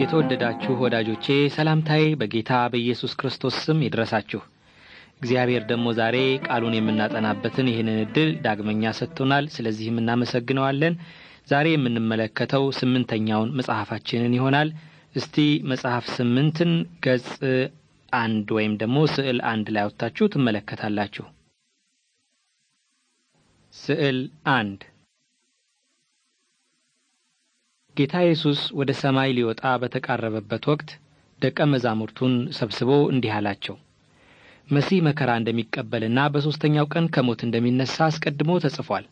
የተወደዳችሁ ወዳጆቼ ሰላምታዬ በጌታ በኢየሱስ ክርስቶስ ስም ይድረሳችሁ። እግዚአብሔር ደግሞ ዛሬ ቃሉን የምናጠናበትን ይህንን እድል ዳግመኛ ሰጥቶናል። ስለዚህም እናመሰግነዋለን። ዛሬ የምንመለከተው ስምንተኛውን መጽሐፋችንን ይሆናል። እስቲ መጽሐፍ ስምንትን ገጽ አንድ ወይም ደግሞ ስዕል አንድ ላይ ወጥታችሁ ትመለከታላችሁ። ስዕል አንድ ጌታ ኢየሱስ ወደ ሰማይ ሊወጣ በተቃረበበት ወቅት ደቀ መዛሙርቱን ሰብስቦ እንዲህ አላቸው። መሲህ መከራ እንደሚቀበልና በሦስተኛው ቀን ከሞት እንደሚነሣ አስቀድሞ ተጽፏል።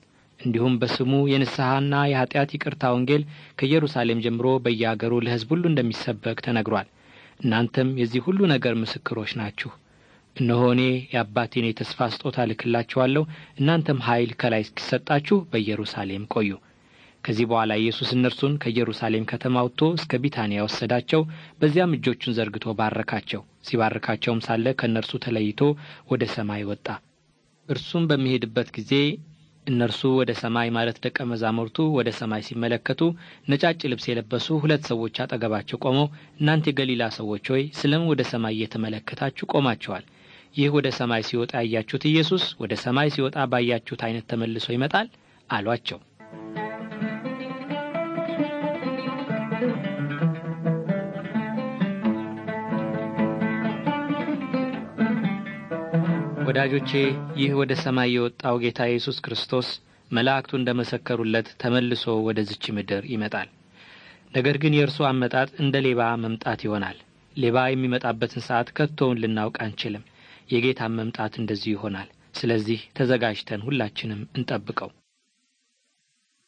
እንዲሁም በስሙ የንስሐና የኀጢአት ይቅርታ ወንጌል ከኢየሩሳሌም ጀምሮ በየአገሩ ለሕዝብ ሁሉ እንደሚሰበክ ተነግሯል። እናንተም የዚህ ሁሉ ነገር ምስክሮች ናችሁ። እነሆ እኔ የአባቴን የተስፋ ስጦታ ልክላችኋለሁ። እናንተም ኃይል ከላይ እስኪሰጣችሁ በኢየሩሳሌም ቆዩ። ከዚህ በኋላ ኢየሱስ እነርሱን ከኢየሩሳሌም ከተማ ወጥቶ እስከ ቢታንያ ወሰዳቸው። በዚያም እጆቹን ዘርግቶ ባረካቸው። ሲባርካቸውም ሳለ ከእነርሱ ተለይቶ ወደ ሰማይ ወጣ። እርሱም በሚሄድበት ጊዜ እነርሱ ወደ ሰማይ ማለት ደቀ መዛሙርቱ ወደ ሰማይ ሲመለከቱ ነጫጭ ልብስ የለበሱ ሁለት ሰዎች አጠገባቸው ቆመው እናንተ የገሊላ ሰዎች ሆይ ስለምን ወደ ሰማይ እየተመለከታችሁ ቆማችኋል? ይህ ወደ ሰማይ ሲወጣ ያያችሁት ኢየሱስ ወደ ሰማይ ሲወጣ ባያችሁት አይነት ተመልሶ ይመጣል አሏቸው። ወዳጆቼ ይህ ወደ ሰማይ የወጣው ጌታ ኢየሱስ ክርስቶስ መላእክቱ እንደ መሰከሩለት ተመልሶ ወደዚች ምድር ይመጣል። ነገር ግን የእርሱ አመጣጥ እንደ ሌባ መምጣት ይሆናል። ሌባ የሚመጣበትን ሰዓት ከቶውን ልናውቅ አንችልም። የጌታን መምጣት እንደዚሁ ይሆናል። ስለዚህ ተዘጋጅተን ሁላችንም እንጠብቀው።